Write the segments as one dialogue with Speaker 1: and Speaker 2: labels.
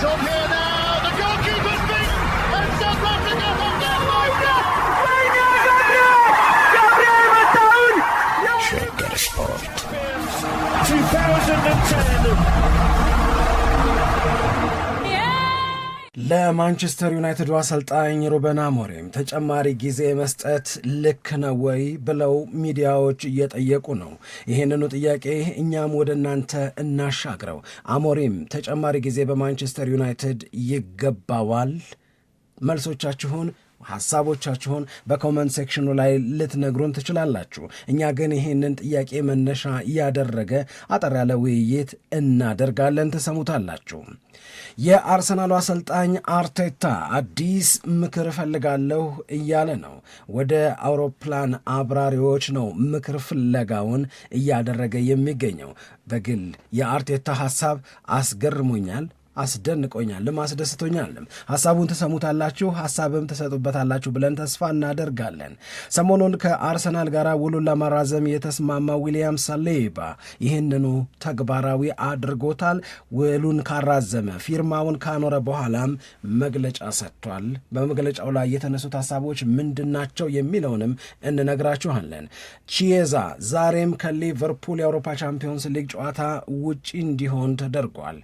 Speaker 1: Joe Pierre የማንቸስተር ዩናይትዱ አሰልጣኝ ሩበን አሞሪም ተጨማሪ ጊዜ መስጠት ልክ ነው ወይ ብለው ሚዲያዎች እየጠየቁ ነው። ይህንኑ ጥያቄ እኛም ወደ እናንተ እናሻግረው። አሞሪም ተጨማሪ ጊዜ በማንቸስተር ዩናይትድ ይገባዋል? መልሶቻችሁን ሀሳቦቻችሁን በኮመንት ሴክሽኑ ላይ ልትነግሩን ትችላላችሁ። እኛ ግን ይህንን ጥያቄ መነሻ ያደረገ አጠር ያለ ውይይት እናደርጋለን፣ ትሰሙታላችሁ። የአርሰናሉ አሰልጣኝ አርቴታ አዲስ ምክር እፈልጋለሁ እያለ ነው። ወደ አውሮፕላን አብራሪዎች ነው ምክር ፍለጋውን እያደረገ የሚገኘው። በግል የአርቴታ ሀሳብ አስገርሞኛል አስደንቆኛልም አስደስቶኛልም። ሀሳቡን ትሰሙታላችሁ፣ ሀሳብም ትሰጡበታላችሁ ብለን ተስፋ እናደርጋለን። ሰሞኑን ከአርሰናል ጋር ውሉን ለማራዘም የተስማማ ዊሊያም ሳሌባ ይህንኑ ተግባራዊ አድርጎታል። ውሉን ካራዘመ ፊርማውን ካኖረ በኋላም መግለጫ ሰጥቷል። በመግለጫው ላይ የተነሱት ሀሳቦች ምንድናቸው የሚለውንም እንነግራችኋለን። ቺዬዛ ዛሬም ከሊቨርፑል የአውሮፓ ቻምፒዮንስ ሊግ ጨዋታ ውጪ እንዲሆን ተደርጓል።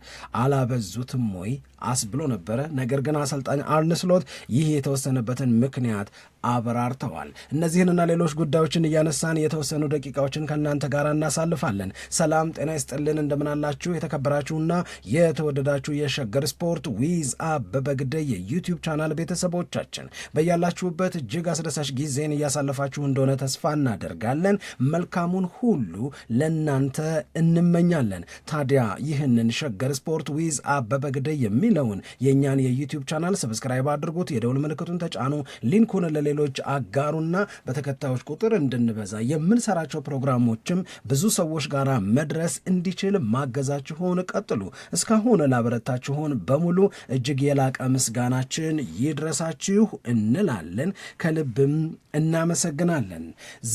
Speaker 1: አላበዙ አይዙትም ወይ አስብሎ ነበረ። ነገር ግን አሰልጣኝ አርነ ስሎት ይህ የተወሰነበትን ምክንያት አብራርተዋል። እነዚህንና ሌሎች ጉዳዮችን እያነሳን የተወሰኑ ደቂቃዎችን ከእናንተ ጋር እናሳልፋለን። ሰላም ጤና ይስጥልን፣ እንደምናላችሁ የተከበራችሁና የተወደዳችሁ የሸገር ስፖርት ዊዝ አበበ ግደይ የዩቲዩብ ቻናል ቤተሰቦቻችን በያላችሁበት እጅግ አስደሳች ጊዜን እያሳለፋችሁ እንደሆነ ተስፋ እናደርጋለን። መልካሙን ሁሉ ለእናንተ እንመኛለን። ታዲያ ይህንን ሸገር ስፖርት ዊዝ አበበ ግደይ የሚለውን የእኛን የዩቲዩብ ቻናል ሰብስክራይብ አድርጉት፣ የደውል ምልክቱን ተጫኑ፣ ሊንኩን ለሌ ለሌሎች አጋሩና በተከታዮች ቁጥር እንድንበዛ የምንሰራቸው ፕሮግራሞችም ብዙ ሰዎች ጋር መድረስ እንዲችል ማገዛችሁን ቀጥሉ። እስካሁን ላበረታችሁን በሙሉ እጅግ የላቀ ምስጋናችን ይድረሳችሁ እንላለን። ከልብም እናመሰግናለን።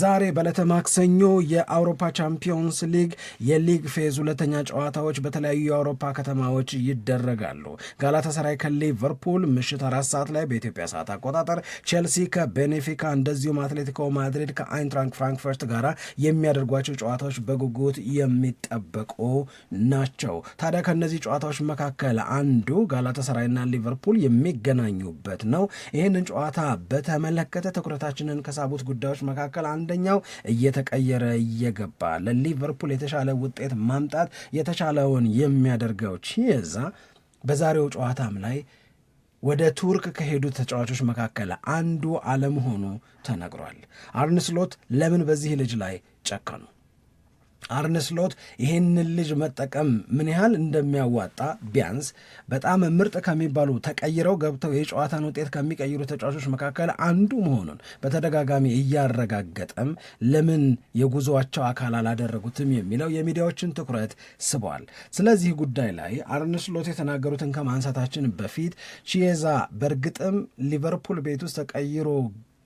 Speaker 1: ዛሬ በዕለተ ማክሰኞ የአውሮፓ ቻምፒዮንስ ሊግ የሊግ ፌዝ ሁለተኛ ጨዋታዎች በተለያዩ የአውሮፓ ከተማዎች ይደረጋሉ። ጋላታሰራይ ከሊቨርፑል ምሽት አራት ሰዓት ላይ በኢትዮጵያ ሰዓት አቆጣጠር፣ ቼልሲ ከ ቤኔፊካ እንደዚሁም አትሌቲኮ ማድሪድ ከአይንትራንክ ፍራንክፈርት ጋር የሚያደርጓቸው ጨዋታዎች በጉጉት የሚጠበቁ ናቸው። ታዲያ ከእነዚህ ጨዋታዎች መካከል አንዱ ጋላተሰራይና ሊቨርፑል የሚገናኙበት ነው። ይህንን ጨዋታ በተመለከተ ትኩረታችንን ከሳቡት ጉዳዮች መካከል አንደኛው እየተቀየረ እየገባ ለሊቨርፑል የተሻለ ውጤት ማምጣት የተሻለውን የሚያደርገው ቺዛ በዛሬው ጨዋታም ላይ ወደ ቱርክ ከሄዱ ተጫዋቾች መካከል አንዱ አለመሆኑ ተነግሯል። አርንስሎት ለምን በዚህ ልጅ ላይ ጨከኑ? አርነስሎት ይሄንን ልጅ መጠቀም ምን ያህል እንደሚያዋጣ ቢያንስ በጣም ምርጥ ከሚባሉ ተቀይረው ገብተው የጨዋታን ውጤት ከሚቀይሩ ተጫዋቾች መካከል አንዱ መሆኑን በተደጋጋሚ እያረጋገጠም ለምን የጉዞቸው አካል አላደረጉትም የሚለው የሚዲያዎችን ትኩረት ስቧል። ስለዚህ ጉዳይ ላይ አርነስሎት የተናገሩትን ከማንሳታችን በፊት ቺዬዛ በእርግጥም ሊቨርፑል ቤት ውስጥ ተቀይሮ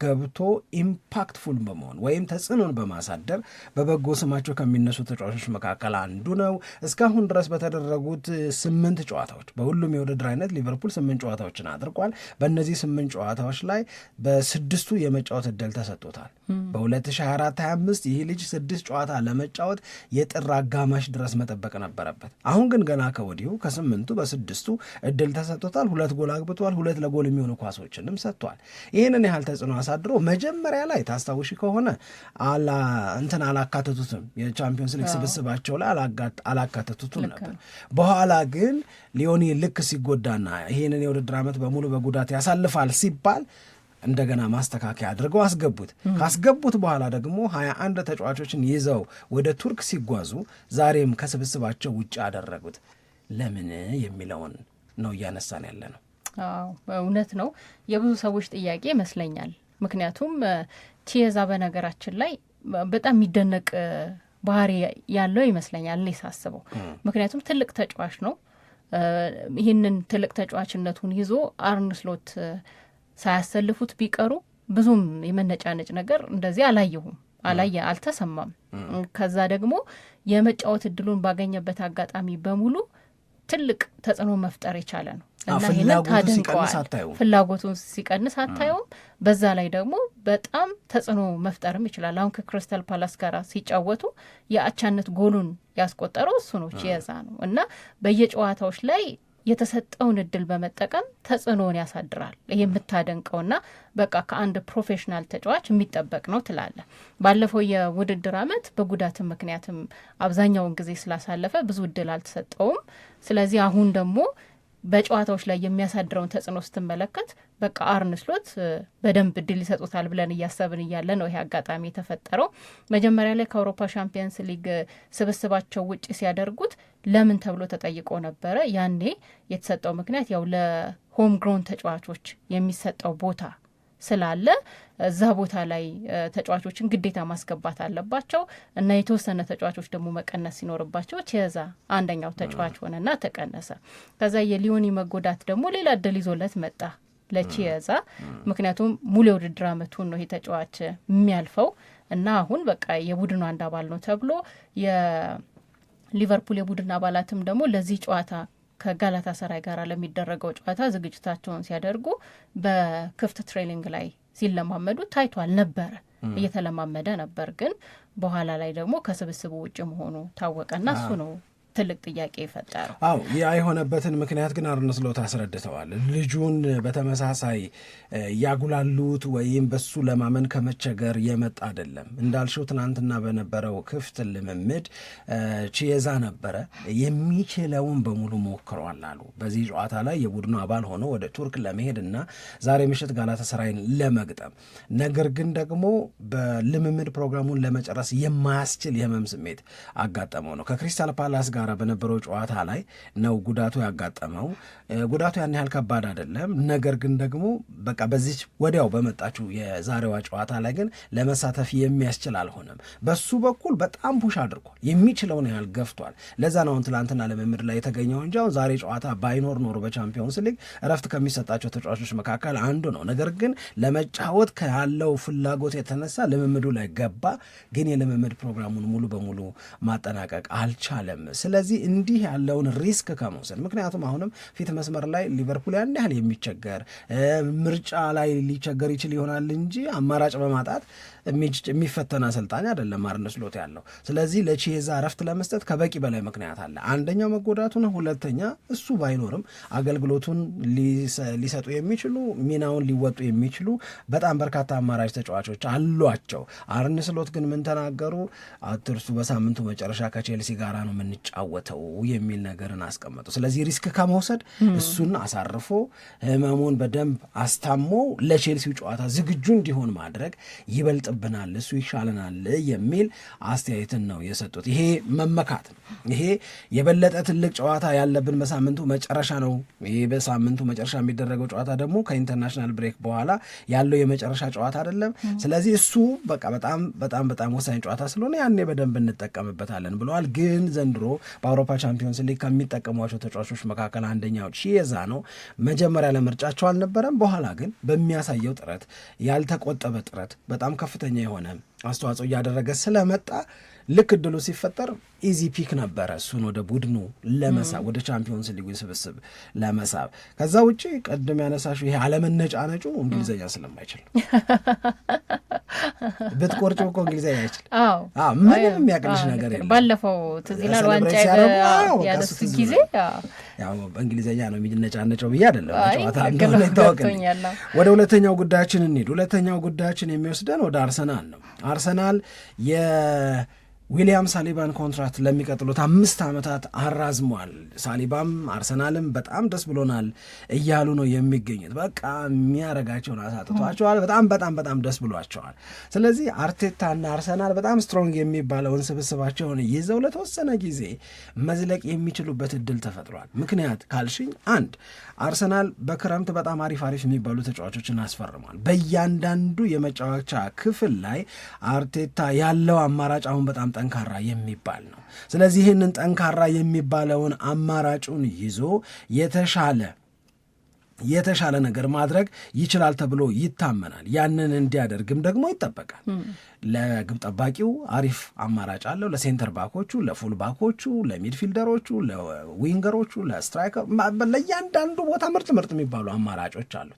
Speaker 1: ገብቶ ኢምፓክትፉል በመሆን ወይም ተጽዕኖን በማሳደር በበጎ ስማቸው ከሚነሱ ተጫዋቾች መካከል አንዱ ነው። እስካሁን ድረስ በተደረጉት ስምንት ጨዋታዎች በሁሉም የውድድር አይነት ሊቨርፑል ስምንት ጨዋታዎችን አድርጓል። በእነዚህ ስምንት ጨዋታዎች ላይ በስድስቱ የመጫወት እድል ተሰጥቶታል። በ2024/25 ይህ ልጅ ስድስት ጨዋታ ለመጫወት የጥር አጋማሽ ድረስ መጠበቅ ነበረበት። አሁን ግን ገና ከወዲሁ ከስምንቱ በስድስቱ እድል ተሰጥቶታል። ሁለት ጎል አግብቷል። ሁለት ለጎል የሚሆኑ ኳሶችንም ሰጥቷል። ይህንን ያህል ተጽዕኖ አሳድሮ መጀመሪያ ላይ ታስታውሽ ከሆነ አላ እንትን አላካተቱትም የቻምፒዮንስ ሊግ ስብስባቸው ላይ አላካተቱትም ነበር። በኋላ ግን ሊዮኒ ልክ ሲጎዳና ይህንን የውድድር ዓመት በሙሉ በጉዳት ያሳልፋል ሲባል እንደገና ማስተካከያ አድርገው አስገቡት። ካስገቡት በኋላ ደግሞ ሀያ አንድ ተጫዋቾችን ይዘው ወደ ቱርክ ሲጓዙ ዛሬም ከስብስባቸው ውጭ አደረጉት። ለምን የሚለውን ነው እያነሳን ያለ ነው።
Speaker 2: እውነት ነው የብዙ ሰዎች ጥያቄ ይመስለኛል። ምክንያቱም ቺየዛ በነገራችን ላይ በጣም የሚደነቅ ባህሪ ያለው ይመስለኛል እኔ ሳስበው። ምክንያቱም ትልቅ ተጫዋች ነው። ይህንን ትልቅ ተጫዋችነቱን ይዞ አርነ ስሎት ሳያሰልፉት ቢቀሩ ብዙም የመነጫነጭ ነገር እንደዚህ አላየሁም፣ አላየ አልተሰማም። ከዛ ደግሞ የመጫወት እድሉን ባገኘበት አጋጣሚ በሙሉ ትልቅ ተጽዕኖ መፍጠር የቻለ ነው እና ፍላጎቱን ሲቀንስ አታየውም። በዛ ላይ ደግሞ በጣም ተጽዕኖ መፍጠርም ይችላል። አሁን ከክሪስታል ፓላስ ጋር ሲጫወቱ የአቻነት ጎሉን ያስቆጠረው እሱ ነው፣ ነው እና በየጨዋታዎች ላይ የተሰጠውን እድል በመጠቀም ተጽዕኖውን ያሳድራል። የምታደንቀውና በቃ ከአንድ ፕሮፌሽናል ተጫዋች የሚጠበቅ ነው ትላለ። ባለፈው የውድድር አመት በጉዳትም ምክንያትም አብዛኛውን ጊዜ ስላሳለፈ ብዙ እድል አልተሰጠውም። ስለዚህ አሁን ደግሞ በጨዋታዎች ላይ የሚያሳድረውን ተጽዕኖ ስትመለከት በቃ አርንስሎት በደንብ እድል ይሰጡታል ብለን እያሰብን እያለ ነው ይሄ አጋጣሚ የተፈጠረው። መጀመሪያ ላይ ከአውሮፓ ሻምፒየንስ ሊግ ስብስባቸው ውጭ ሲያደርጉት ለምን ተብሎ ተጠይቆ ነበረ። ያኔ የተሰጠው ምክንያት ያው ለሆም ግሮን ተጫዋቾች የሚሰጠው ቦታ ስላለ እዛ ቦታ ላይ ተጫዋቾችን ግዴታ ማስገባት አለባቸው እና የተወሰነ ተጫዋቾች ደግሞ መቀነስ ሲኖርባቸው ቼዛ አንደኛው ተጫዋች ሆነና ተቀነሰ። ከዛ የሊዮኒ መጎዳት ደግሞ ሌላ እድል ይዞለት መጣ። ለቺየዛ ምክንያቱም ሙሉ የውድድር አመቱን ነው ይሄ ተጫዋች የሚያልፈው እና አሁን በቃ የቡድኑ አንድ አባል ነው ተብሎ የሊቨርፑል የቡድን አባላትም ደግሞ ለዚህ ጨዋታ ከጋላታ ሰራይ ጋር ለሚደረገው ጨዋታ ዝግጅታቸውን ሲያደርጉ በክፍት ትሬኒንግ ላይ ሲለማመዱ ታይቷል ነበረ እየተለማመደ ነበር። ግን በኋላ ላይ ደግሞ ከስብስቡ ውጭ መሆኑ ታወቀና እሱ ነው ትልቅ ጥያቄ የፈጠረው።
Speaker 1: አዎ ያ የሆነበትን ምክንያት ግን አርነ ስሎት አስረድተዋል። ልጁን በተመሳሳይ ያጉላሉት ወይም በሱ ለማመን ከመቸገር የመጣ አይደለም። እንዳልሽው ትናንትና በነበረው ክፍት ልምምድ ቺየዛ ነበረ የሚችለውን በሙሉ ሞክሯል አሉ። በዚህ ጨዋታ ላይ የቡድኑ አባል ሆኖ ወደ ቱርክ ለመሄድ እና ዛሬ ምሽት ጋላታሳራይን ለመግጠም ነገር ግን ደግሞ በልምምድ ፕሮግራሙን ለመጨረስ የማያስችል የህመም ስሜት አጋጠመው ነው ከክሪስታል ፓላስ ጋር ጋር በነበረው ጨዋታ ላይ ነው ጉዳቱ ያጋጠመው። ጉዳቱ ያን ያህል ከባድ አይደለም። ነገር ግን ደግሞ በቃ በዚች ወዲያው በመጣችው የዛሬዋ ጨዋታ ላይ ግን ለመሳተፍ የሚያስችል አልሆነም። በሱ በኩል በጣም ፑሽ አድርጓል፣ የሚችለውን ያህል ገፍቷል። ለዛ ነው አሁን ትላንትና ልምምድ ላይ የተገኘው እንጂ አሁን ዛሬ ጨዋታ ባይኖር ኖሮ በቻምፒዮንስ ሊግ እረፍት ከሚሰጣቸው ተጫዋቾች መካከል አንዱ ነው። ነገር ግን ለመጫወት ካለው ፍላጎት የተነሳ ልምምዱ ላይ ገባ፣ ግን የልምምድ ፕሮግራሙን ሙሉ በሙሉ ማጠናቀቅ አልቻለም። ስለ ስለዚህ እንዲህ ያለውን ሪስክ ከመውሰድ ምክንያቱም አሁንም ፊት መስመር ላይ ሊቨርፑል ያን ያህል የሚቸገር ምርጫ ላይ ሊቸገር ይችል ይሆናል እንጂ አማራጭ በማጣት የሚፈተን አሰልጣኝ አይደለም አርነ ስሎት ያለው። ስለዚህ ለቼዛ እረፍት ለመስጠት ከበቂ በላይ ምክንያት አለ። አንደኛው መጎዳቱን፣ ሁለተኛ እሱ ባይኖርም አገልግሎቱን ሊሰጡ የሚችሉ ሚናውን ሊወጡ የሚችሉ በጣም በርካታ አማራጭ ተጫዋቾች አሏቸው። አርነ ስሎት ግን ምን ተናገሩ? አትርሱ፣ በሳምንቱ መጨረሻ ከቼልሲ ጋራ ነው የምንጫወ ተጫወተው የሚል ነገርን አስቀመጡ። ስለዚህ ሪስክ ከመውሰድ እሱን አሳርፎ ህመሙን በደንብ አስታሞ ለቼልሲው ጨዋታ ዝግጁ እንዲሆን ማድረግ ይበልጥብናል፣ እሱ ይሻለናል የሚል አስተያየትን ነው የሰጡት። ይሄ መመካት ነው። ይሄ የበለጠ ትልቅ ጨዋታ ያለብን በሳምንቱ መጨረሻ ነው። ይሄ በሳምንቱ መጨረሻ የሚደረገው ጨዋታ ደግሞ ከኢንተርናሽናል ብሬክ በኋላ ያለው የመጨረሻ ጨዋታ አይደለም። ስለዚህ እሱ በቃ በጣም በጣም በጣም ወሳኝ ጨዋታ ስለሆነ ያኔ በደንብ እንጠቀምበታለን ብለዋል። ግን ዘንድሮ በአውሮፓ ቻምፒዮንስ ሊግ ከሚጠቀሟቸው ተጫዋቾች መካከል አንደኛው ቺየዛ ነው። መጀመሪያ ለምርጫቸው አልነበረም። በኋላ ግን በሚያሳየው ጥረት፣ ያልተቆጠበ ጥረት በጣም ከፍተኛ የሆነ አስተዋጽኦ እያደረገ ስለመጣ ልክ እድሉ ሲፈጠር ኢዚ ፒክ ነበረ እሱን ወደ ቡድኑ ለመሳብ ወደ ቻምፒዮንስ ሊጉ ስብስብ ለመሳብ። ከዛ ውጭ ቅድም ያነሳሹ ይሄ አለመነጫ ነጩ እንግሊዝኛ ስለማይችል ብትቆርጭ እኮ እንግሊዝኛ አይችል ምንም የሚያቅልሽ ነገር የለም።
Speaker 2: ባለፈው ትዝ ይላል ዋንጫ ያነሱት ጊዜ
Speaker 1: እንግሊዝኛ ነው የሚነጫነጨው ብዬ አይደለም ጨዋታ እንደሆነ ይታወቅልኛል። ወደ ሁለተኛው ጉዳያችን እንሂድ። ሁለተኛው ጉዳያችን የሚወስደን ወደ አርሰናል ነው። አርሰናል የ ዊሊያም ሳሊባን ኮንትራት ለሚቀጥሉት አምስት ዓመታት አራዝሟል። ሳሊባም አርሰናልም በጣም ደስ ብሎናል እያሉ ነው የሚገኙት። በቃ የሚያረጋቸውን አሳጥቷቸዋል። በጣም በጣም በጣም ደስ ብሏቸዋል። ስለዚህ አርቴታና አርሰናል በጣም ስትሮንግ የሚባለውን ስብስባቸውን ይዘው ለተወሰነ ጊዜ መዝለቅ የሚችሉበት እድል ተፈጥሯል። ምክንያት ካልሽኝ አንድ አርሰናል በክረምት በጣም አሪፍ አሪፍ የሚባሉ ተጫዋቾችን አስፈርሟል። በእያንዳንዱ የመጫወቻ ክፍል ላይ አርቴታ ያለው አማራጭ አሁን በጣም ጠንካራ የሚባል ነው። ስለዚህ ይህንን ጠንካራ የሚባለውን አማራጩን ይዞ የተሻለ የተሻለ ነገር ማድረግ ይችላል ተብሎ ይታመናል። ያንን እንዲያደርግም ደግሞ ይጠበቃል። ለግብ ጠባቂው አሪፍ አማራጭ አለው። ለሴንተር ባኮቹ፣ ለፉል ባኮቹ፣ ለሚድፊልደሮቹ፣ ለዊንገሮቹ፣ ለስትራይከር፣ ለእያንዳንዱ ቦታ ምርጥ ምርጥ የሚባሉ አማራጮች አሉት።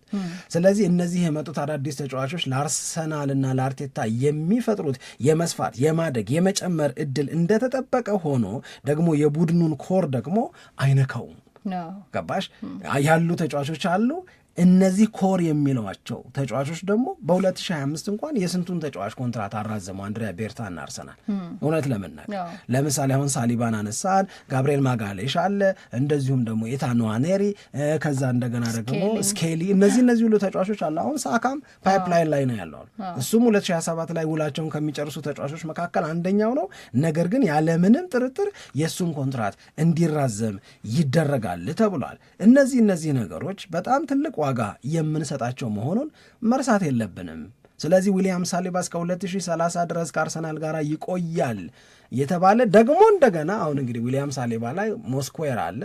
Speaker 1: ስለዚህ እነዚህ የመጡት አዳዲስ ተጫዋቾች ለአርሰናልና ለአርቴታ የሚፈጥሩት የመስፋት የማደግ የመጨመር እድል እንደተጠበቀ ሆኖ ደግሞ የቡድኑን ኮር ደግሞ አይነካውም። ገባሽ? ያሉ ተጫዋቾች አሉ እነዚህ ኮር የሚሏቸው ተጫዋቾች ደግሞ በ2025 እንኳን የስንቱን ተጫዋች ኮንትራት አራዘመው አንድሪያ እና አርሰናል። እውነት ለመናገር ለምሳሌ አሁን ሳሊባን አነሳን፣ ጋብርኤል ማጋሌሽ አለ፣ እንደዚሁም ደግሞ ኢታኖዋኔሪ ከዛ እንደገና ደግሞ ስኬሊ፣ እነዚህ እነዚህ ሁሉ ተጫዋቾች አለ። አሁን ሳካም ፓይፕላይን ላይ ነው ያለዋል። እሱም 2027 ላይ ውላቸውን ከሚጨርሱ ተጫዋቾች መካከል አንደኛው ነው። ነገር ግን ያለምንም ጥርጥር የእሱን ኮንትራት እንዲራዘም ይደረጋል ተብሏል። እነዚህ እነዚህ ነገሮች በጣም ትልቅ ዋጋ የምንሰጣቸው መሆኑን መርሳት የለብንም። ስለዚህ ዊሊያም ሳሊባ እስከ 2030 ድረስ ከአርሰናል ጋር ይቆያል የተባለ ደግሞ እንደገና አሁን እንግዲህ ዊሊያም ሳሊባ ላይ ሞስኩዌር አለ፣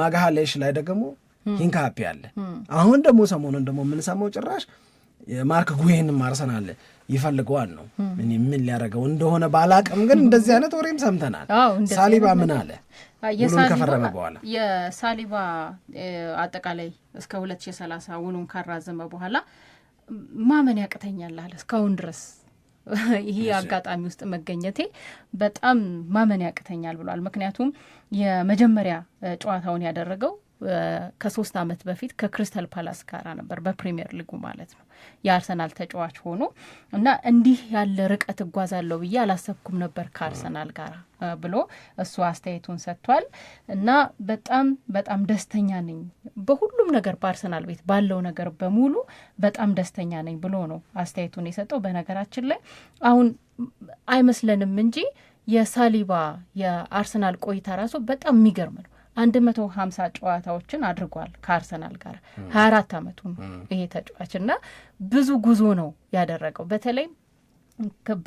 Speaker 1: ማግሃሌሽ ላይ ደግሞ ሂንካፒ አለ። አሁን ደግሞ ሰሞኑን ደግሞ የምንሰማው ጭራሽ ማርክ ጉሄንም አርሰናል ይፈልገዋል ነው እኔ ምን ሊያደርገው እንደሆነ ባላቅም፣ ግን እንደዚህ አይነት ወሬም ሰምተናል። ሳሊባ ምን አለ? ውሉን ከፈረመ በኋላ
Speaker 2: የሳሊባ አጠቃላይ እስከ ሁለት ሺ ሰላሳ ውሉን ካራዘመ በኋላ ማመን ያቅተኛል አለ። እስካሁን ድረስ ይሄ አጋጣሚ ውስጥ መገኘቴ በጣም ማመን ያቅተኛል ብሏል። ምክንያቱም የመጀመሪያ ጨዋታውን ያደረገው ከሶስት አመት በፊት ከክሪስታል ፓላስ ጋራ ነበር በፕሪሚየር ሊጉ ማለት ነው። የአርሰናል ተጫዋች ሆኖ እና እንዲህ ያለ ርቀት እጓዛለሁ ብዬ አላሰብኩም ነበር ከአርሰናል ጋር ብሎ እሱ አስተያየቱን ሰጥቷል። እና በጣም በጣም ደስተኛ ነኝ በሁሉም ነገር በአርሰናል ቤት ባለው ነገር በሙሉ በጣም ደስተኛ ነኝ ብሎ ነው አስተያየቱን የሰጠው። በነገራችን ላይ አሁን አይመስለንም እንጂ የሳሊባ የአርሰናል ቆይታ ራሱ በጣም የሚገርም ነው። አንድ መቶ ሀምሳ ጨዋታዎችን አድርጓል ከአርሰናል ጋር ሀያ አራት አመቱ ነው ይሄ ተጫዋች እና ብዙ ጉዞ ነው ያደረገው በተለይ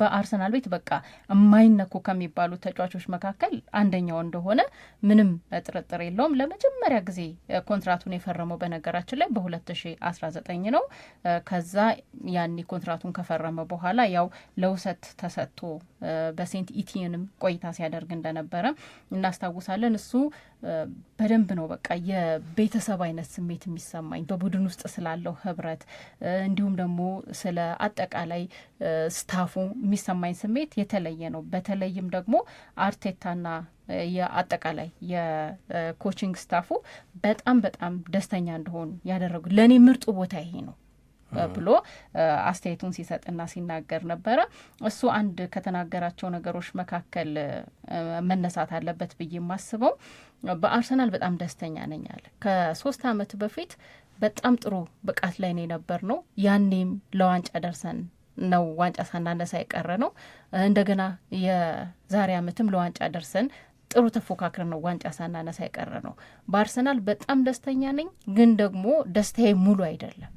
Speaker 2: በአርሰናል ቤት በቃ የማይነኩ ከሚባሉ ተጫዋቾች መካከል አንደኛው እንደሆነ ምንም ጥርጥር የለውም። ለመጀመሪያ ጊዜ ኮንትራቱን የፈረመው በነገራችን ላይ በ2019 ነው። ከዛ ያኔ ኮንትራቱን ከፈረመ በኋላ ያው ለውሰት ተሰጥቶ በሴንት ኢቲንም ቆይታ ሲያደርግ እንደነበረ እናስታውሳለን። እሱ በደንብ ነው በቃ የቤተሰብ አይነት ስሜት የሚሰማኝ በቡድን ውስጥ ስላለው ህብረት እንዲሁም ደግሞ ስለ አጠቃላይ ስታፉ የሚሰማኝ ስሜት የተለየ ነው። በተለይም ደግሞ አርቴታና የአጠቃላይ የኮችንግ ስታፉ በጣም በጣም ደስተኛ እንደሆኑ ያደረጉ ለእኔ ምርጡ ቦታ ይሄ ነው። ብሎ አስተያየቱን ሲሰጥና ሲናገር ነበረ። እሱ አንድ ከተናገራቸው ነገሮች መካከል መነሳት አለበት ብዬ የማስበው በአርሰናል በጣም ደስተኛ ነኝ አለ። ከሶስት አመት በፊት በጣም ጥሩ ብቃት ላይ ነው የነበር ነው ያኔም ለዋንጫ ደርሰን ነው ዋንጫ ሳናነሳ የቀረ ነው። እንደገና የዛሬ አመትም ለዋንጫ ደርሰን ጥሩ ተፎካክር ነው ዋንጫ ሳናነሳ የቀረ ነው። በአርሰናል በጣም ደስተኛ ነኝ፣ ግን ደግሞ ደስታዬ ሙሉ አይደለም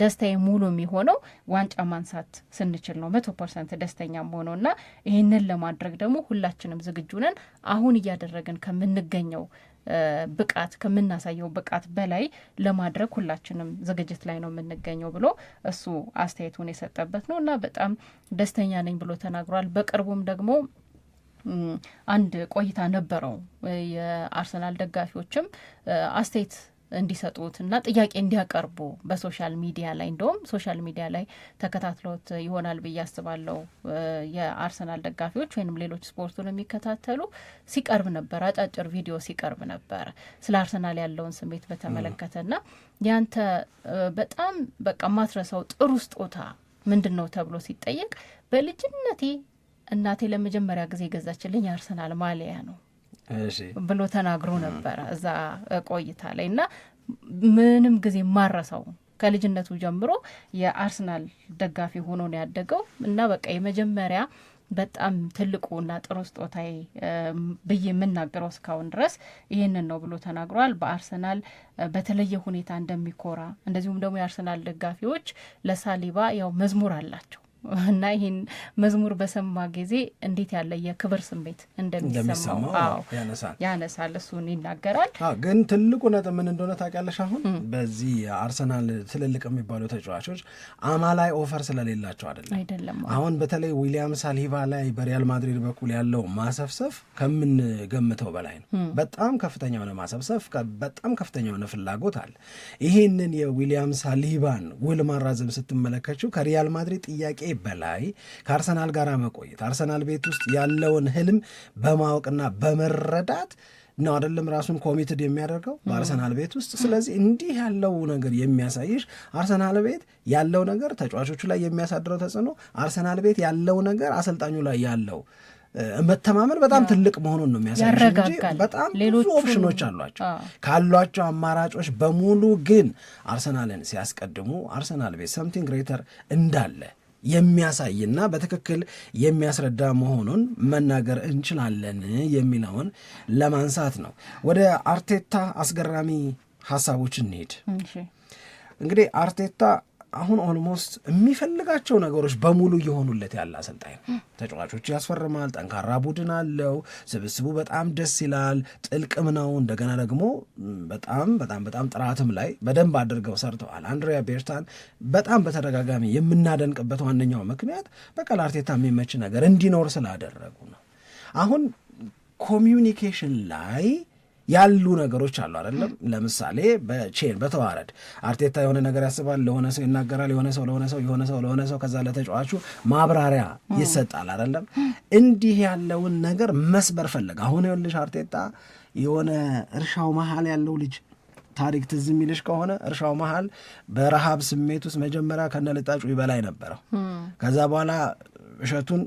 Speaker 2: ደስታዬ ሙሉ የሚሆነው ዋንጫ ማንሳት ስንችል ነው መቶ ፐርሰንት ደስተኛ መሆነው እና ይህንን ለማድረግ ደግሞ ሁላችንም ዝግጁ ነን። አሁን እያደረግን ከምንገኘው ብቃት ከምናሳየው ብቃት በላይ ለማድረግ ሁላችንም ዝግጅት ላይ ነው የምንገኘው ብሎ እሱ አስተያየቱን የሰጠበት ነው እና በጣም ደስተኛ ነኝ ብሎ ተናግሯል። በቅርቡም ደግሞ አንድ ቆይታ ነበረው የአርሰናል ደጋፊዎችም አስተያየት እንዲሰጡት እና ጥያቄ እንዲያቀርቡ በሶሻል ሚዲያ ላይ እንደውም ሶሻል ሚዲያ ላይ ተከታትሎት ይሆናል ብዬ አስባለሁ። የአርሰናል ደጋፊዎች ወይም ሌሎች ስፖርቱን የሚከታተሉ ሲቀርብ ነበር፣ አጫጭር ቪዲዮ ሲቀርብ ነበር ስለ አርሰናል ያለውን ስሜት በተመለከተ እና ያንተ በጣም በቃ ማትረሰው ጥሩ ስጦታ ምንድን ነው ተብሎ ሲጠየቅ በልጅነቴ እናቴ ለመጀመሪያ ጊዜ የገዛችልኝ አርሰናል ማሊያ ነው ብሎ ተናግሮ ነበረ እዛ ቆይታ ላይ እና ምንም ጊዜ ማረሰው ከልጅነቱ ጀምሮ የአርሰናል ደጋፊ ሆኖ ነው ያደገው እና በቃ የመጀመሪያ በጣም ትልቁ እና ጥሩ ስጦታዬ ብዬ የምናገረው እስካሁን ድረስ ይህንን ነው ብሎ ተናግሯል። በአርሰናል በተለየ ሁኔታ እንደሚኮራ እንደዚሁም ደግሞ የአርሰናል ደጋፊዎች ለሳሊባ ያው መዝሙር አላቸው እና ይህን መዝሙር በሰማ ጊዜ እንዴት ያለ የክብር ስሜት እንደሚሰማው ያነሳል ያነሳል እሱን ይናገራል።
Speaker 1: ግን ትልቁ ነጥብ ምን እንደሆነ ታውቂያለሽ? አሁን በዚህ አርሰናል ትልልቅ የሚባሉ ተጫዋቾች አማላይ ኦፈር ስለሌላቸው አይደለም። አሁን በተለይ ዊሊያም ሳሊባ ላይ በሪያል ማድሪድ በኩል ያለው ማሰብሰብ ከምንገምተው በላይ ነው። በጣም ከፍተኛ የሆነ ማሰብሰብ፣ በጣም ከፍተኛ የሆነ ፍላጎት አለ። ይህንን የዊሊያም ሳሊባን ውል ማራዘም ስትመለከችው ከሪያል ማድሪድ ጥያቄ በላይ ከአርሰናል ጋር መቆየት አርሰናል ቤት ውስጥ ያለውን ህልም በማወቅና በመረዳት ነው አይደለም ራሱን ኮሚትድ የሚያደርገው በአርሰናል ቤት ውስጥ። ስለዚህ እንዲህ ያለው ነገር የሚያሳይሽ አርሰናል ቤት ያለው ነገር ተጫዋቾቹ ላይ የሚያሳድረው ተጽዕኖ፣ አርሰናል ቤት ያለው ነገር አሰልጣኙ ላይ ያለው መተማመን በጣም ትልቅ መሆኑን ነው የሚያሳይ። በጣም ብዙ ኦፕሽኖች አሏቸው። ካሏቸው አማራጮች በሙሉ ግን አርሰናልን ሲያስቀድሙ አርሰናል ቤት ሰምቲንግ ግሬተር እንዳለ የሚያሳይና በትክክል የሚያስረዳ መሆኑን መናገር እንችላለን የሚለውን ለማንሳት ነው። ወደ አርቴታ አስገራሚ ሀሳቦች እንሄድ። እንግዲህ አርቴታ አሁን ኦልሞስት የሚፈልጋቸው ነገሮች በሙሉ እየሆኑለት ያለ አሰልጣኝ ነው። ተጫዋቾች ያስፈርማል፣ ጠንካራ ቡድን አለው፣ ስብስቡ በጣም ደስ ይላል፣ ጥልቅም ነው። እንደገና ደግሞ በጣም በጣም በጣም ጥራትም ላይ በደንብ አድርገው ሰርተዋል። አንድሪያ ቤርታን በጣም በተደጋጋሚ የምናደንቅበት ዋነኛው ምክንያት በቀል አርቴታ የሚመች ነገር እንዲኖር ስላደረጉ ነው። አሁን ኮሚዩኒኬሽን ላይ ያሉ ነገሮች አሉ አይደለም። ለምሳሌ በቼን በተዋረድ አርቴታ የሆነ ነገር ያስባል፣ ለሆነ ሰው ይናገራል፣ የሆነ ሰው ለሆነ ሰው የሆነ ሰው ለሆነ ሰው ከዛ ለተጫዋቹ ማብራሪያ ይሰጣል አይደለም። እንዲህ ያለውን ነገር መስበር ፈለግ። አሁን ይኸውልሽ አርቴታ የሆነ እርሻው መሀል ያለው ልጅ ታሪክ ትዝ የሚልሽ ከሆነ እርሻው መሀል በረሃብ ስሜት ውስጥ መጀመሪያ ከነ ልጣጩ ይበላይ ነበረው። ከዛ በኋላ እሸቱን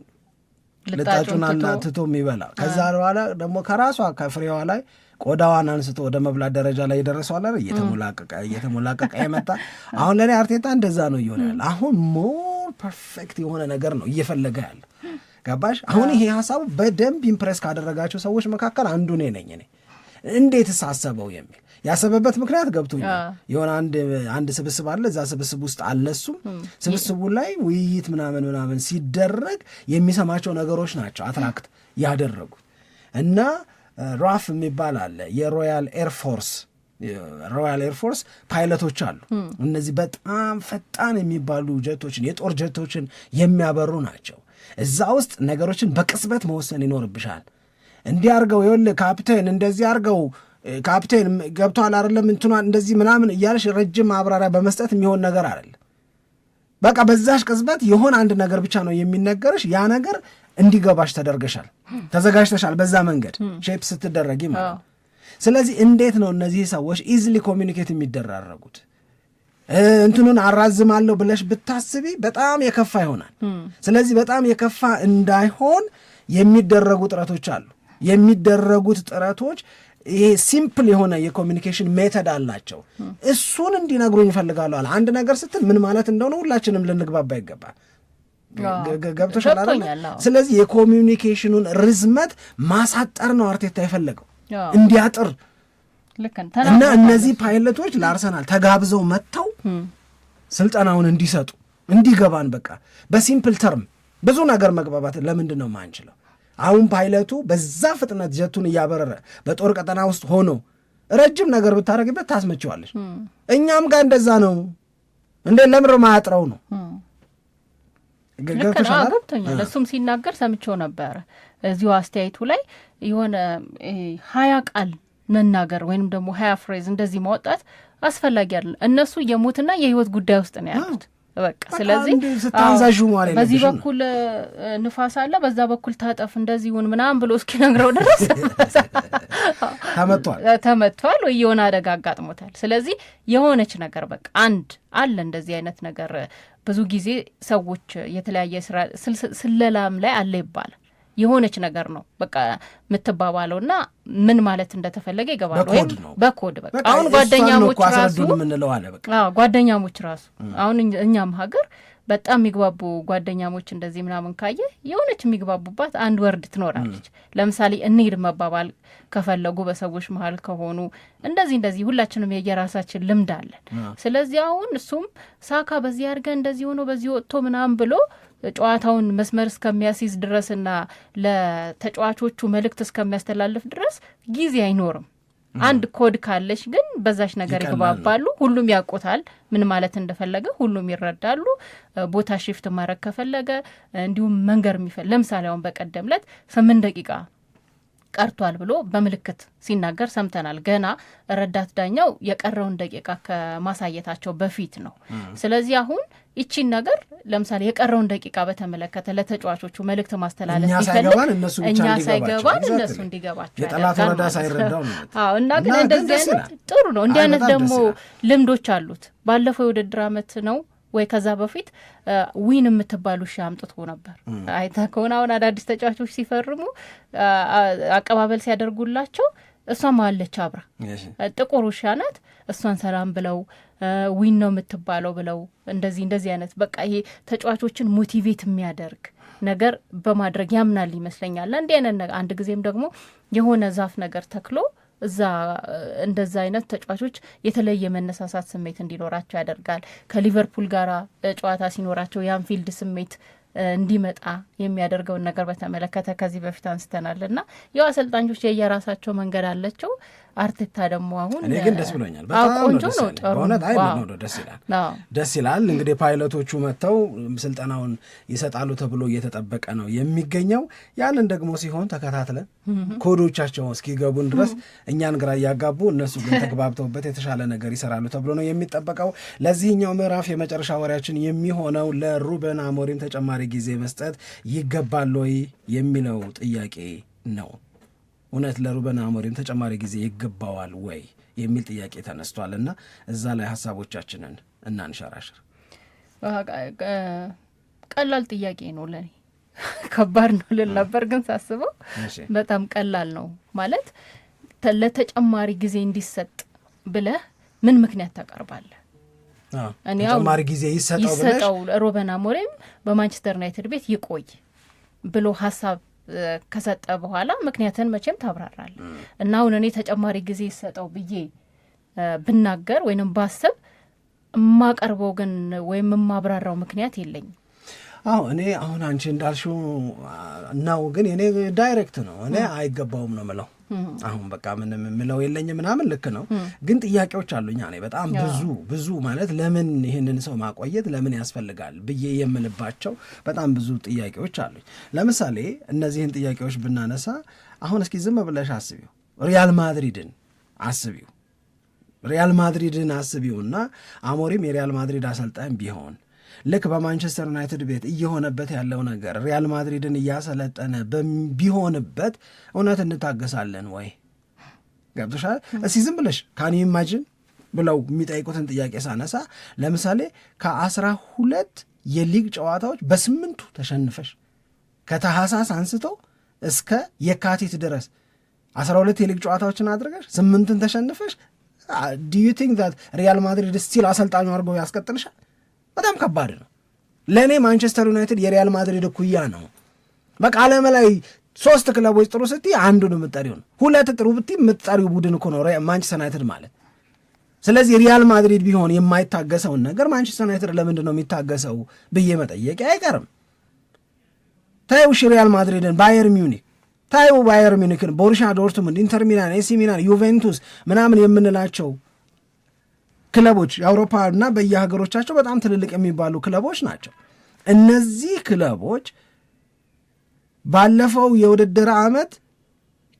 Speaker 1: ልጣጩን አናትቶ የሚበላ ከዛ በኋላ ደግሞ ከራሷ ከፍሬዋ ላይ ቆዳዋን አንስቶ ወደ መብላት ደረጃ ላይ የደረሰዋል አለ እየተሞላቀቀ እየተሞላቀቀ የመጣ አሁን ለእኔ አርቴታ እንደዛ ነው እየሆነ ያለ። አሁን ሞር ፐርፌክት የሆነ ነገር ነው እየፈለገ ያለ ገባሽ። አሁን ይሄ ሀሳቡ በደንብ ኢምፕሬስ ካደረጋቸው ሰዎች መካከል አንዱ እኔ ነኝ። እኔ እንዴት ሳሰበው የሚል ያሰበበት ምክንያት ገብቶኛል። የሆነ አንድ ስብስብ አለ እዛ ስብስብ ውስጥ አለ እሱም ስብስቡ ላይ ውይይት ምናምን ምናምን ሲደረግ የሚሰማቸው ነገሮች ናቸው አትራክት ያደረጉት እና ራፍ የሚባል አለ። የሮያል ኤርፎርስ ሮያል ኤርፎርስ ፓይለቶች አሉ። እነዚህ በጣም ፈጣን የሚባሉ ጀቶችን የጦር ጀቶችን የሚያበሩ ናቸው። እዛ ውስጥ ነገሮችን በቅጽበት መወሰን ይኖርብሻል። እንዲህ አርገው ይኸውልህ ካፕቴን እንደዚህ አርገው ካፕቴን ገብቷል አይደለም እንትኗን እንደዚህ ምናምን እያለሽ ረጅም ማብራሪያ በመስጠት የሚሆን ነገር አይደለም። በቃ በዛሽ ቅጽበት የሆነ አንድ ነገር ብቻ ነው የሚነገርሽ ያ ነገር እንዲገባሽ ተደርገሻል፣ ተዘጋጅተሻል። በዛ መንገድ ሼፕ ስትደረጊ ማለት ነው። ስለዚህ እንዴት ነው እነዚህ ሰዎች ኢዝሊ ኮሚኒኬት የሚደራረጉት? እንትኑን አራዝማለሁ ብለሽ ብታስቢ በጣም የከፋ ይሆናል። ስለዚህ በጣም የከፋ እንዳይሆን የሚደረጉ ጥረቶች አሉ። የሚደረጉት ጥረቶች ይሄ ሲምፕል የሆነ የኮሚኒኬሽን ሜተድ አላቸው። እሱን እንዲነግሩኝ ይፈልጋለዋል። አንድ ነገር ስትል ምን ማለት እንደሆነ ሁላችንም ልንግባባ ይገባል። ገብቶሻል አለ። ስለዚህ የኮሚኒኬሽኑን ርዝመት ማሳጠር ነው አርቴታ የፈለገው እንዲያጥር እና እነዚህ ፓይለቶች ለአርሰናል ተጋብዘው መጥተው ስልጠናውን እንዲሰጡ እንዲገባን በቃ በሲምፕል ተርም ብዙ ነገር መግባባት ለምንድን ነው ማንችለው? አሁን ፓይለቱ በዛ ፍጥነት ጀቱን እያበረረ በጦር ቀጠና ውስጥ ሆኖ ረጅም ነገር ብታደረግበት ታስመችዋለች። እኛም ጋር እንደዛ ነው እንዴ፣ ለምር ማያጥረው ነው
Speaker 2: ገብቶኛል። እሱም ሲናገር ሰምቼው ነበረ። እዚሁ አስተያየቱ ላይ የሆነ ሀያ ቃል መናገር ወይንም ደግሞ ሀያ ፍሬዝ እንደዚህ ማውጣት አስፈላጊ አለ እነሱ የሞትና የህይወት ጉዳይ ውስጥ ነው ያሉት። በቃ ስለዚህ በዚህ በኩል ንፋስ አለ፣ በዛ በኩል ታጠፍ፣ እንደዚሁን ምናምን ብሎ እስኪነግረው ድረስ ተመቷል ተመቷል ወይ የሆነ አደጋ አጋጥሞታል። ስለዚህ የሆነች ነገር በቃ አንድ አለ እንደዚህ አይነት ነገር ብዙ ጊዜ ሰዎች የተለያየ ስራ ስለላም ላይ አለ ይባላል የሆነች ነገር ነው በቃ የምትባባለው እና ምን ማለት እንደተፈለገ ይገባል። ወይም በኮድ በቃ አሁን ጓደኛሞች ራሱ ጓደኛሞች ራሱ አሁን እኛም ሀገር በጣም የሚግባቡ ጓደኛሞች እንደዚህ ምናምን ካየ የሆነች የሚግባቡባት አንድ ወርድ ትኖራለች። ለምሳሌ እንሄድ መባባል ከፈለጉ በሰዎች መሀል ከሆኑ እንደዚህ እንደዚህ ሁላችንም የየራሳችን ልምድ አለን። ስለዚህ አሁን እሱም ሳካ በዚህ አድርገ እንደዚህ ሆኖ በዚህ ወጥቶ ምናምን ብሎ ጨዋታውን መስመር እስከሚያስይዝ ድረስና ለተጫዋቾቹ መልእክት እስከሚያስተላልፍ ድረስ ጊዜ አይኖርም። አንድ ኮድ ካለሽ ግን በዛሽ ነገር ይግባባሉ። ሁሉም ያውቁታል ምን ማለት እንደፈለገ፣ ሁሉም ይረዳሉ። ቦታ ሽፍት ማድረግ ከፈለገ እንዲሁም መንገር የሚፈል ለምሳሌ አሁን በቀደም ለት ስምንት ደቂቃ ቀርቷል ብሎ በምልክት ሲናገር ሰምተናል። ገና ረዳት ዳኛው የቀረውን ደቂቃ ከማሳየታቸው በፊት ነው። ስለዚህ አሁን ይቺን ነገር ለምሳሌ የቀረውን ደቂቃ በተመለከተ ለተጫዋቾቹ መልእክት ማስተላለፍ
Speaker 1: ሳይገባን እኛ ሳይገባን
Speaker 2: እነሱ እንዲገባቸው እና ግን እንደዚህ አይነት ጥሩ ነው። እንዲህ አይነት ደግሞ ልምዶች አሉት። ባለፈው የውድድር ዓመት ነው ወይ ከዛ በፊት ዊን የምትባሉ ሺ አምጥቶ ነበር አይታ ከሆነ አሁን አዳዲስ ተጫዋቾች ሲፈርሙ አቀባበል ሲያደርጉላቸው እሷም አለች አብራ ጥቁር ውሻ ናት። እሷን ሰላም ብለው ዊን ነው የምትባለው ብለው እንደዚህ እንደዚህ አይነት በቃ ይሄ ተጫዋቾችን ሞቲቬት የሚያደርግ ነገር በማድረግ ያምናል ይመስለኛል። እንዲህ አይነት አንድ ጊዜም ደግሞ የሆነ ዛፍ ነገር ተክሎ እዛ እንደዛ አይነት ተጫዋቾች የተለየ መነሳሳት ስሜት እንዲኖራቸው ያደርጋል። ከሊቨርፑል ጋር ጨዋታ ሲኖራቸው የአንፊልድ ስሜት እንዲመጣ የሚያደርገውን ነገር በተመለከተ ከዚህ በፊት አንስተናል እና ያው አሰልጣኞች የየራሳቸው መንገድ አለቸው። አርቴታ ደግሞ አሁን እኔ
Speaker 1: ግን ደስ ብሎኛል። ቆንጆ ነው አይ ነው ደስ ይላል፣ ደስ ይላል። እንግዲህ ፓይለቶቹ መጥተው ስልጠናውን ይሰጣሉ ተብሎ እየተጠበቀ ነው የሚገኘው። ያንን ደግሞ ሲሆን ተከታትለን ኮዶቻቸው እስኪገቡን ድረስ እኛን ግራ እያጋቡ እነሱ ግን ተግባብተውበት የተሻለ ነገር ይሰራሉ ተብሎ ነው የሚጠበቀው። ለዚህኛው ምዕራፍ የመጨረሻ ወሬያችን የሚሆነው ለሩበን አሞሪም ተጨማሪ ጊዜ መስጠት ይገባል ወይ የሚለው ጥያቄ ነው። እውነት ለሩበን አሞሪም ተጨማሪ ጊዜ ይገባዋል ወይ የሚል ጥያቄ ተነስቷል እና እዛ ላይ ሀሳቦቻችንን እናንሸራሽር።
Speaker 2: ቀላል ጥያቄ ነው ለኔ ከባድ ነው ልል ነበር፣ ግን ሳስበው በጣም ቀላል ነው ማለት ለተጨማሪ ጊዜ እንዲሰጥ ብለህ ምን ምክንያት ታቀርባለህ?
Speaker 1: ተጨማሪ ጊዜ
Speaker 2: ይሰጠው ሮበን አሞሪም በማንቸስተር ዩናይትድ ቤት ይቆይ ብሎ ሀሳብ ከሰጠ በኋላ ምክንያትን መቼም ታብራራል እና አሁን እኔ ተጨማሪ ጊዜ ይሰጠው ብዬ ብናገር ወይንም ባስብ የማቀርበው ግን ወይም የማብራራው ምክንያት የለኝም።
Speaker 1: አዎ እኔ አሁን አንቺ እንዳልሽው ነው፣ ግን እኔ ዳይሬክት ነው እኔ አይገባውም ነው ምለው አሁን በቃ ምንም የምለው የለኝ ምናምን ልክ ነው። ግን ጥያቄዎች አሉኝ እኔ በጣም ብዙ ብዙ ማለት ለምን ይህንን ሰው ማቆየት ለምን ያስፈልጋል ብዬ የምልባቸው በጣም ብዙ ጥያቄዎች አሉኝ። ለምሳሌ እነዚህን ጥያቄዎች ብናነሳ አሁን እስኪ ዝም ብለሽ አስቢው፣ ሪያል ማድሪድን አስቢው ሪያል ማድሪድን አስቢውና አሞሪም የሪያል ማድሪድ አሰልጣኝ ቢሆን ልክ በማንቸስተር ዩናይትድ ቤት እየሆነበት ያለው ነገር ሪያል ማድሪድን እያሰለጠነ ቢሆንበት እውነት እንታገሳለን ወይ? ገብቶሻል? እስኪ ዝም ብለሽ ካን ኢማጅን ብለው የሚጠይቁትን ጥያቄ ሳነሳ ለምሳሌ ከአስራ ሁለት የሊግ ጨዋታዎች በስምንቱ ተሸንፈሽ ከታህሳስ አንስቶ እስከ የካቲት ድረስ አስራ ሁለት የሊግ ጨዋታዎችን አድርገሽ ስምንትን ተሸንፈሽ ዱ ዩ ቲንክ ዛት ሪያል ማድሪድ ስቲል አሰልጣኙ አድርገው ያስቀጥልሻል? በጣም ከባድ ነው። ለእኔ ማንቸስተር ዩናይትድ የሪያል ማድሪድ እኩያ ነው። በቃ ዓለም ላይ ሶስት ክለቦች ጥሩ ስቲ አንዱን የምጠሪው ነው። ሁለት ጥሩ ብቲ የምትጠሪው ቡድን እኮ ነው ማንቸስተር ዩናይትድ ማለት። ስለዚህ ሪያል ማድሪድ ቢሆን የማይታገሰውን ነገር ማንቸስተር ዩናይትድ ለምንድን ነው የሚታገሰው ብዬ መጠየቅ አይቀርም። ታዩሽ ሪያል ማድሪድን፣ ባየር ሚኒክ ታዩ ባየር ሚኒክን፣ ቦሩሻ ዶርትሙንድ፣ ኢንተር ሚላን፣ ኤሲ ሚላን፣ ዩቬንቱስ ምናምን የምንላቸው ክለቦች የአውሮፓ እና በየሀገሮቻቸው በጣም ትልልቅ የሚባሉ ክለቦች ናቸው። እነዚህ ክለቦች ባለፈው የውድድር ዓመት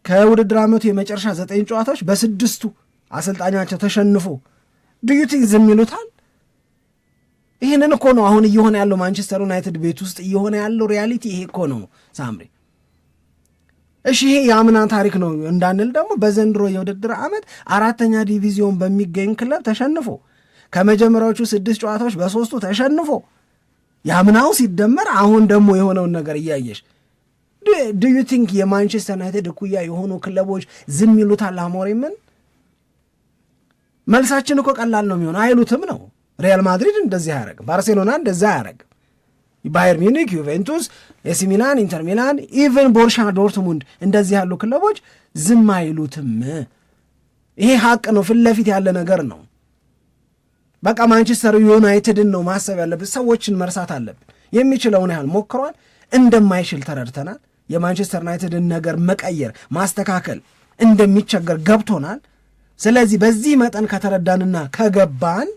Speaker 1: ከውድድር ዓመቱ የመጨረሻ ዘጠኝ ጨዋታዎች በስድስቱ አሰልጣኛቸው ተሸንፎ ዱዩቲንግ ዝም ይሉታል። ይህንን እኮ ነው አሁን እየሆነ ያለው ማንቸስተር ዩናይትድ ቤት ውስጥ እየሆነ ያለው ሪያሊቲ ይሄ እኮ ነው ሳምሬ። እሺ ይሄ የአምና ታሪክ ነው እንዳንል ደግሞ በዘንድሮ የውድድር ዓመት አራተኛ ዲቪዚዮን በሚገኝ ክለብ ተሸንፎ ከመጀመሪያዎቹ ስድስት ጨዋታዎች በሶስቱ ተሸንፎ የአምናው ሲደመር አሁን ደግሞ የሆነውን ነገር እያየሽ ዩ ቲንክ የማንቸስተር ዩናይትድ እኩያ የሆኑ ክለቦች ዝም ይሉታል አሞሪምን? መልሳችን እኮ ቀላል ነው የሚሆን አይሉትም ነው። ሪያል ማድሪድ እንደዚህ አያረግም፣ ባርሴሎና እንደዚህ አያረግም። ባየር ሚኒክ፣ ዩቬንቱስ፣ ኤሲ ሚላን፣ ኢንተር ሚላን ኢቨን ቦርሻ ዶርትሙንድ እንደዚህ ያሉ ክለቦች ዝም አይሉትም። ይሄ ሀቅ ነው፣ ፊት ለፊት ያለ ነገር ነው። በቃ ማንቸስተር ዩናይትድን ነው ማሰብ ያለብን። ሰዎችን መርሳት አለብን። የሚችለውን ያህል ሞክሯል፣ እንደማይችል ተረድተናል። የማንቸስተር ዩናይትድን ነገር መቀየር ማስተካከል እንደሚቸገር ገብቶናል። ስለዚህ በዚህ መጠን ከተረዳንና ከገባን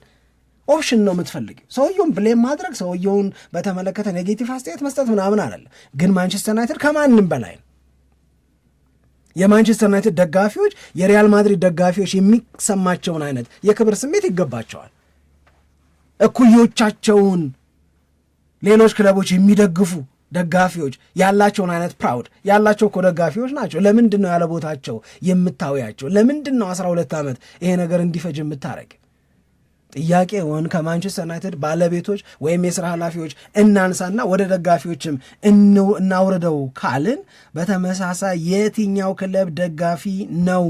Speaker 1: ኦፕሽን ነው የምትፈልጊው። ሰውየውን ብሌም ማድረግ ሰውየውን በተመለከተ ኔጌቲቭ አስተያየት መስጠት ምናምን አላለ። ግን ማንቸስተር ዩናይትድ ከማንም በላይ ነው። የማንቸስተር ዩናይትድ ደጋፊዎች የሪያል ማድሪድ ደጋፊዎች የሚሰማቸውን አይነት የክብር ስሜት ይገባቸዋል። እኩዮቻቸውን ሌሎች ክለቦች የሚደግፉ ደጋፊዎች ያላቸውን አይነት ፕራውድ ያላቸው እኮ ደጋፊዎች ናቸው። ለምንድን ነው ያለ ቦታቸው የምታወያቸው? ለምንድን ነው አስራ ሁለት ዓመት ይሄ ነገር እንዲፈጅ የምታረግ ጥያቄ ሆን ከማንቸስተር ዩናይትድ ባለቤቶች ወይም የስራ ኃላፊዎች እናንሳና ወደ ደጋፊዎችም እናውርደው ካልን በተመሳሳይ የትኛው ክለብ ደጋፊ ነው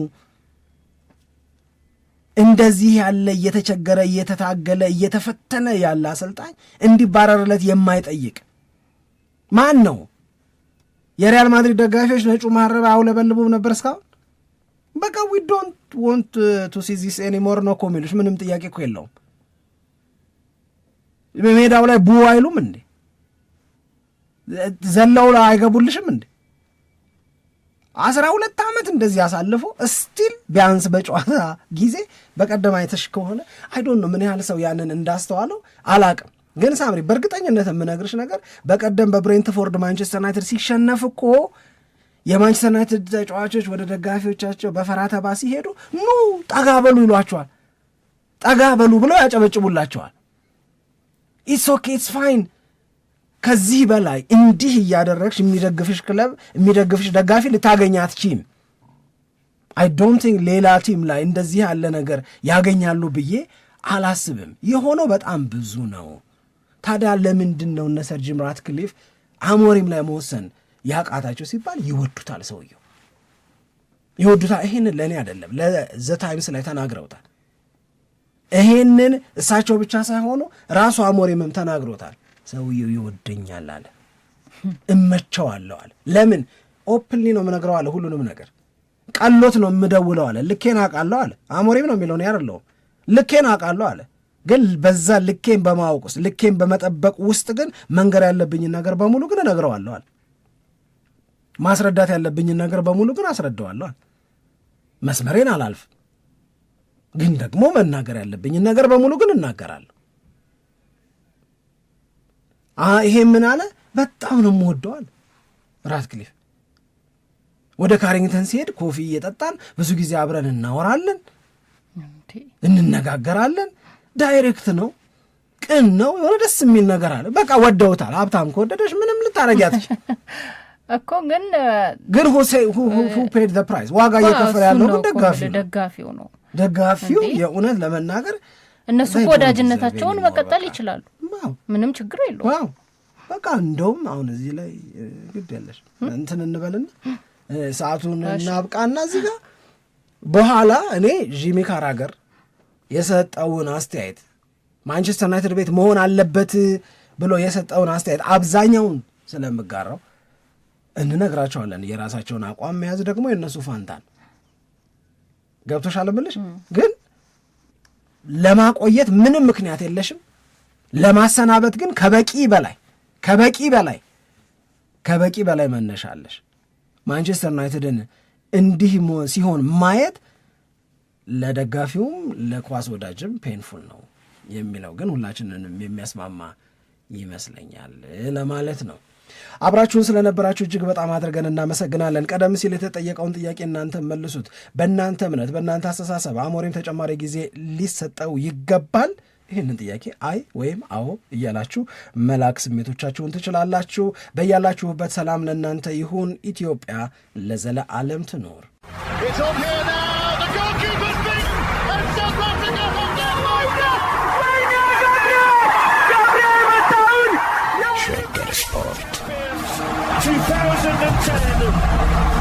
Speaker 1: እንደዚህ ያለ እየተቸገረ እየተታገለ እየተፈተነ ያለ አሰልጣኝ እንዲባረርለት የማይጠይቅ ማን ነው? የሪያል ማድሪድ ደጋፊዎች ነጩ መሀረብ አውለበልቡም ነበር እስካሁን በቃ ዊ ዶንት ወንት ቱ ሲ ዚስ ኤኒሞር ነው እኮ የሚሉሽ። ምንም ጥያቄ እኮ የለውም። በሜዳው ላይ ቡ አይሉም እንዴ? ዘለው አይገቡልሽም እንዴ? አስራ ሁለት ዓመት እንደዚህ አሳልፎ ስቲል ቢያንስ በጨዋታ ጊዜ በቀደም አይተሽ ከሆነ አይዶን ነው ምን ያህል ሰው ያንን እንዳስተዋለው አላቅም። ግን ሳምሪ በእርግጠኝነት የምነግርሽ ነገር በቀደም በብሬንትፎርድ ማንቸስተር ዩናይትድ ሲሸነፍ እኮ የማንቸስተር ዩናይትድ ተጫዋቾች ወደ ደጋፊዎቻቸው በፈራተባ ሲሄዱ ኑ ጠጋ በሉ ይሏቸዋል። ጠጋ በሉ ብለው ያጨበጭቡላቸዋል። ኢትስ ኦኬ ኢትስ ፋይን። ከዚህ በላይ እንዲህ እያደረግሽ የሚደግፍሽ ክለብ የሚደግፍሽ ደጋፊ ልታገኝ አትችም። አይ ዶንት ቲንክ ሌላ ቲም ላይ እንደዚህ ያለ ነገር ያገኛሉ ብዬ አላስብም። የሆነው በጣም ብዙ ነው። ታዲያ ለምንድን ነው እነ ሰር ጂም ራትክሊፍ አሞሪም ላይ መወሰን ያቃታቸው ሲባል ይወዱታል። ሰውየው ይወዱታል። ይሄን ለእኔ አይደለም ለዘ ታይምስ ላይ ተናግረውታል። ይሄንን እሳቸው ብቻ ሳይሆኑ ራሱ አሞሪምም ተናግሮታል። ሰውየው ይወደኛል አለ፣ እመቸዋለሁ አለ። ለምን ኦፕንሊ ነው የምነግረው አለ። ሁሉንም ነገር ቀሎት ነው የምደውለው አለ። ልኬን አውቃለሁ አለ። አሞሪም ነው የሚለው እኔ ልኬን አውቃለሁ አለ። ግን በዛ ልኬን በማወቅ ውስጥ ልኬን በመጠበቅ ውስጥ ግን መንገር ያለብኝን ነገር በሙሉ ግን እነግረዋለሁ አለ። ማስረዳት ያለብኝን ነገር በሙሉ ግን አስረዳዋለሁ። መስመሬን አላልፍ ግን ደግሞ መናገር ያለብኝን ነገር በሙሉ ግን እናገራለሁ። ይሄ ምን አለ በጣም ነው የምወደዋል ራትክሊፍ ወደ ካሪንግተን ሲሄድ ኮፊ እየጠጣን ብዙ ጊዜ አብረን እናወራለን፣ እንነጋገራለን። ዳይሬክት ነው፣ ቅን ነው፣ የሆነ ደስ የሚል ነገር አለ። በቃ ወደውታል። ሀብታም ከወደደሽ ምንም ልታረጊያትሽ እኮ ግን ግን ፔድ ዘ ዋጋ እየከፈለ ያለው ግን
Speaker 2: ደጋፊው ደጋፊው ነው።
Speaker 1: ደጋፊው የእውነት ለመናገር
Speaker 2: እነሱ ወዳጅነታቸውን መቀጠል ይችላሉ። ምንም ችግር
Speaker 1: የለውም። በቃ እንደውም አሁን እዚህ ላይ ግድ ያለሽ እንትን እንበልና ሰዓቱን እናብቃና እዚህ ጋር በኋላ እኔ ጂሚ ካራገር የሰጠውን አስተያየት ማንቸስተር ዩናይትድ ቤት መሆን አለበት ብሎ የሰጠውን አስተያየት አብዛኛውን ስለምጋራው እንነግራቸዋለን። የራሳቸውን አቋም መያዝ ደግሞ የእነሱ ፋንታን ገብቶሻል እምልሽ ግን ለማቆየት ምንም ምክንያት የለሽም። ለማሰናበት ግን ከበቂ በላይ ከበቂ በላይ ከበቂ በላይ መነሻለሽ። ማንቸስተር ዩናይትድን እንዲህ ሲሆን ማየት ለደጋፊውም ለኳስ ወዳጅም ፔንፉል ነው የሚለው ግን ሁላችንንም የሚያስማማ ይመስለኛል ለማለት ነው። አብራችሁን ስለነበራችሁ እጅግ በጣም አድርገን እናመሰግናለን። ቀደም ሲል የተጠየቀውን ጥያቄ እናንተ መልሱት። በእናንተ እምነት፣ በእናንተ አስተሳሰብ አሞሪም ተጨማሪ ጊዜ ሊሰጠው ይገባል? ይህንን ጥያቄ አይ ወይም አዎ እያላችሁ መላክ ስሜቶቻችሁን ትችላላችሁ። በያላችሁበት ሰላም ለእናንተ ይሁን። ኢትዮጵያ ለዘለዓለም ትኖር። 2010.